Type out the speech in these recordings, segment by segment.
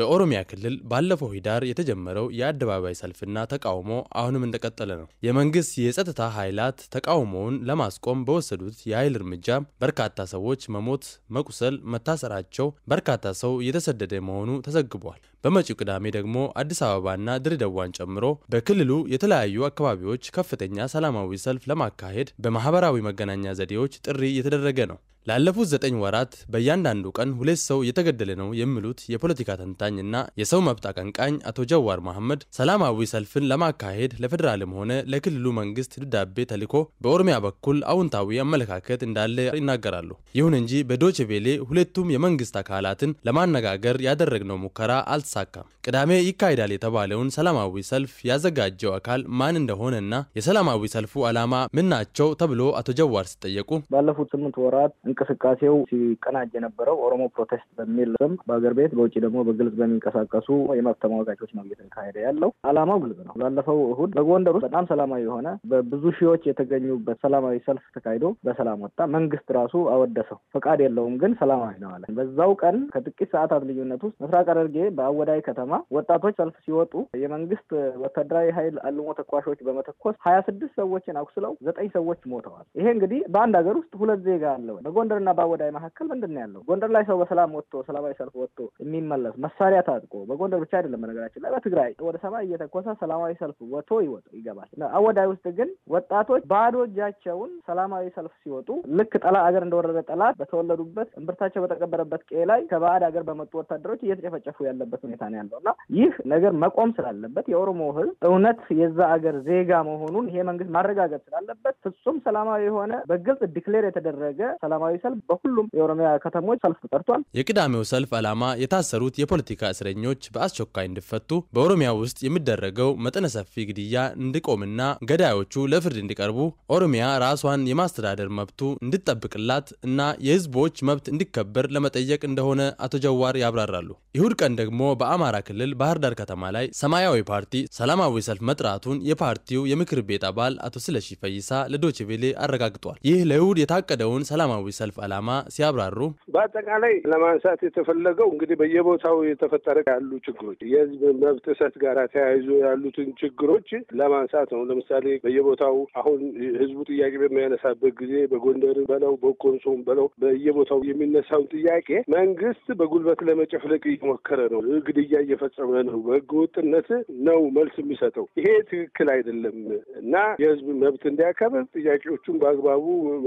በኦሮሚያ ክልል ባለፈው ሂዳር የተጀመረው የአደባባይ ሰልፍና ተቃውሞ አሁንም እንደቀጠለ ነው። የመንግስት የጸጥታ ኃይላት ተቃውሞውን ለማስቆም በወሰዱት የኃይል እርምጃ በርካታ ሰዎች መሞት፣ መቁሰል፣ መታሰራቸው፣ በርካታ ሰው እየተሰደደ መሆኑ ተዘግቧል። በመጪው ቅዳሜ ደግሞ አዲስ አበባና ድሬዳዋን ጨምሮ በክልሉ የተለያዩ አካባቢዎች ከፍተኛ ሰላማዊ ሰልፍ ለማካሄድ በማህበራዊ መገናኛ ዘዴዎች ጥሪ እየተደረገ ነው። ላለፉት ዘጠኝ ወራት በእያንዳንዱ ቀን ሁለት ሰው እየተገደለ ነው የሚሉት የፖለቲካ ተንታኝ እና የሰው መብት አቀንቃኝ አቶ ጀዋር መሐመድ ሰላማዊ ሰልፍን ለማካሄድ ለፌዴራልም ሆነ ለክልሉ መንግስት ድብዳቤ ተልኮ በኦሮሚያ በኩል አውንታዊ አመለካከት እንዳለ ይናገራሉ። ይሁን እንጂ በዶቼ ቬሌ ሁለቱም የመንግስት አካላትን ለማነጋገር ያደረግነው ሙከራ አልተሳካም። ቅዳሜ ይካሄዳል የተባለውን ሰላማዊ ሰልፍ ያዘጋጀው አካል ማን እንደሆነ እና የሰላማዊ ሰልፉ ዓላማ ምን ናቸው ተብሎ አቶ ጀዋር ሲጠየቁ ባለፉት ስምንት ወራት እንቅስቃሴው ሲቀናጅ የነበረው ኦሮሞ ፕሮቴስት በሚል ስም በአገር ቤት በውጭ ደግሞ በግልጽ በሚንቀሳቀሱ የመብት ተሟጋቾች ነው እየተካሄደ ያለው። አላማው ግልጽ ነው። ባለፈው እሁድ በጎንደር ውስጥ በጣም ሰላማዊ የሆነ በብዙ ሺዎች የተገኙበት ሰላማዊ ሰልፍ ተካሂዶ በሰላም ወጣ። መንግስት ራሱ አወደሰው። ፈቃድ የለውም ግን ሰላማዊ ነው አለ። በዛው ቀን ከጥቂት ሰዓታት ልዩነት ውስጥ ምስራቅ ሐረርጌ በአወዳይ ከተማ ወጣቶች ሰልፍ ሲወጡ የመንግስት ወታደራዊ ኃይል አልሞ ተኳሾች በመተኮስ ሀያ ስድስት ሰዎችን አኩስለው ዘጠኝ ሰዎች ሞተዋል። ይሄ እንግዲህ በአንድ ሀገር ውስጥ ሁለት ዜጋ አለ በጎንደርና በአወዳይ መካከል ምንድን ነው ያለው? ጎንደር ላይ ሰው በሰላም ወጥቶ ሰላማዊ ሰልፍ ወጥቶ የሚመለስ መሳሪያ ታጥቆ በጎንደር ብቻ አይደለም በነገራችን ላይ በትግራይ ወደ ሰማይ እየተኮሰ ሰላማዊ ሰልፍ ወጥቶ ይወጡ ይገባል። አወዳይ ውስጥ ግን ወጣቶች ባዶ እጃቸውን ሰላማዊ ሰልፍ ሲወጡ ልክ ጠላ አገር እንደወረደ ጠላት በተወለዱበት እምብርታቸው በተቀበረበት ቄ ላይ ከባዕድ ሀገር በመጡ ወታደሮች እየተጨፈጨፉ ያለበት ሁኔታ ነው ያለው እና ይህ ነገር መቆም ስላለበት የኦሮሞ ህዝብ እውነት የዛ አገር ዜጋ መሆኑን ይሄ መንግስት ማረጋገጥ ስላለበት ፍጹም ሰላማዊ የሆነ በግልጽ ዲክሌር የተደረገ ሰላማዊ ሰላማዊ ሰልፍ በሁሉም የኦሮሚያ ከተሞች ሰልፍ ተጠርቷል። የቅዳሜው ሰልፍ ዓላማ የታሰሩት የፖለቲካ እስረኞች በአስቸኳይ እንዲፈቱ፣ በኦሮሚያ ውስጥ የሚደረገው መጠነ ሰፊ ግድያ እንዲቆምና ገዳዮቹ ለፍርድ እንዲቀርቡ፣ ኦሮሚያ ራሷን የማስተዳደር መብቱ እንዲጠብቅላት እና የህዝቦች መብት እንዲከበር ለመጠየቅ እንደሆነ አቶ ጀዋር ያብራራሉ። ይሁድ ቀን ደግሞ በአማራ ክልል ባህር ዳር ከተማ ላይ ሰማያዊ ፓርቲ ሰላማዊ ሰልፍ መጥራቱን የፓርቲው የምክር ቤት አባል አቶ ስለሺ ፈይሳ ለዶችቬሌ አረጋግጧል። ይህ ለይሁድ የታቀደውን ሰላማዊ ሰልፍ ዓላማ ሲያብራሩ በአጠቃላይ ለማንሳት የተፈለገው እንግዲህ በየቦታው የተፈጠረ ያሉ ችግሮች የህዝብ መብት ጥሰት ጋር ተያይዞ ያሉትን ችግሮች ለማንሳት ነው። ለምሳሌ በየቦታው አሁን ህዝቡ ጥያቄ በሚያነሳበት ጊዜ በጎንደር በለው በኮንሶም በለው በየቦታው የሚነሳውን ጥያቄ መንግስት በጉልበት ለመጨፍለቅ እየሞከረ ነው፣ ግድያ እየፈጸመ ነው፣ በህገ ወጥነት ነው መልስ የሚሰጠው። ይሄ ትክክል አይደለም እና የህዝብ መብት እንዲያከብር ጥያቄዎቹን በአግባቡ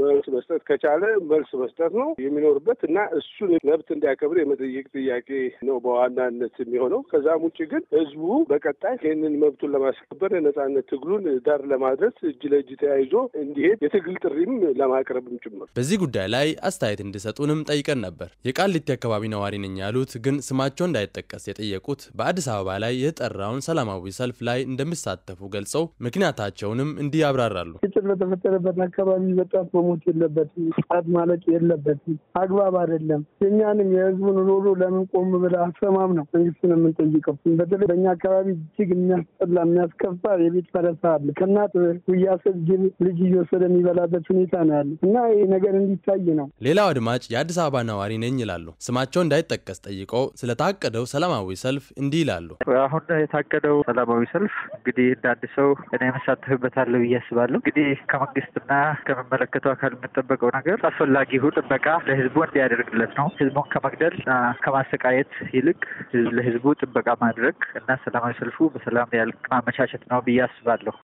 መልስ መስጠት ከቻለ መልስ መስጠት ነው የሚኖርበት እና እሱን መብት እንዲያከብር የመጠየቅ ጥያቄ ነው በዋናነት የሚሆነው። ከዛም ውጭ ግን ህዝቡ በቀጣይ ይህንን መብቱን ለማስከበር የነጻነት ትግሉን ዳር ለማድረስ እጅ ለእጅ ተያይዞ እንዲሄድ የትግል ጥሪም ለማቅረብም ጭምር። በዚህ ጉዳይ ላይ አስተያየት እንዲሰጡንም ጠይቀን ነበር። የቃሊቲ አካባቢ ነዋሪ ነኝ ያሉት ግን ስማቸው እንዳይጠቀስ የጠየቁት በአዲስ አበባ ላይ የተጠራውን ሰላማዊ ሰልፍ ላይ እንደሚሳተፉ ገልጸው ምክንያታቸውንም እንዲህ ያብራራሉ። ግጭት በተፈጠረበት አካባቢ በጣም መሞት የለበት ማለት መቀመጥ የለበትም፣ አግባብ አይደለም። የእኛንም የህዝቡን ኑሮ ለምን ቆም ብለህ አሰማም ነው መንግስትን የምንጠይቀው። በተለይ በእኛ አካባቢ እጅግ የሚያስጠላ የሚያስከፋ የቤት ፈረሳ አለ። ከእናት ውያሰት ግን ልጅ እየወሰደ የሚበላበት ሁኔታ ነው ያለ እና ይህ ነገር እንዲታይ ነው። ሌላው አድማጭ የአዲስ አበባ ነዋሪ ነኝ ይላሉ። ስማቸው እንዳይጠቀስ ጠይቀው ስለታቀደው ሰላማዊ ሰልፍ እንዲህ ይላሉ። አሁን የታቀደው ሰላማዊ ሰልፍ እንግዲህ እንደ አንድ ሰው እኔ መሳተፍበታለሁ ብዬ አስባለሁ። እንግዲህ ከመንግስትና ከሚመለከተው አካል የምንጠበቀው ነገር አስፈላጊ ሁ ጥበቃ ለህዝቡ እንዲያደርግለት ነው። ህዝቡን ከመግደል ከማሰቃየት ይልቅ ለህዝቡ ጥበቃ ማድረግ እና ሰላማዊ ሰልፉ በሰላም ያልቅ ማመቻቸት ነው ብዬ አስባለሁ።